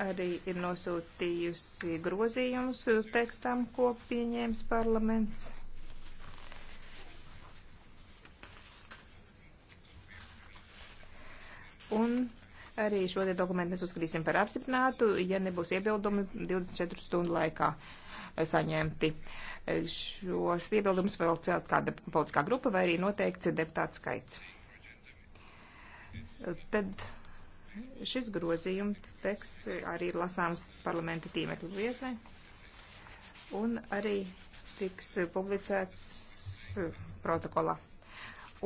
arī ir nosūtījusi grozījumus tekstam, ko pieņēmis parlaments. Un arī šo te dokumentu mēs uzskatīsim par apstiprinātu, ja nebūs iebildumi 24 stundu laikā saņemti. Šos iebildumus vēl celt kāda politiskā grupa vai arī noteikts deputāts skaits. Tad Šis grozījums teksts arī ir lasāms parlamenta tīmekļu vietnē un arī tiks publicēts protokolā.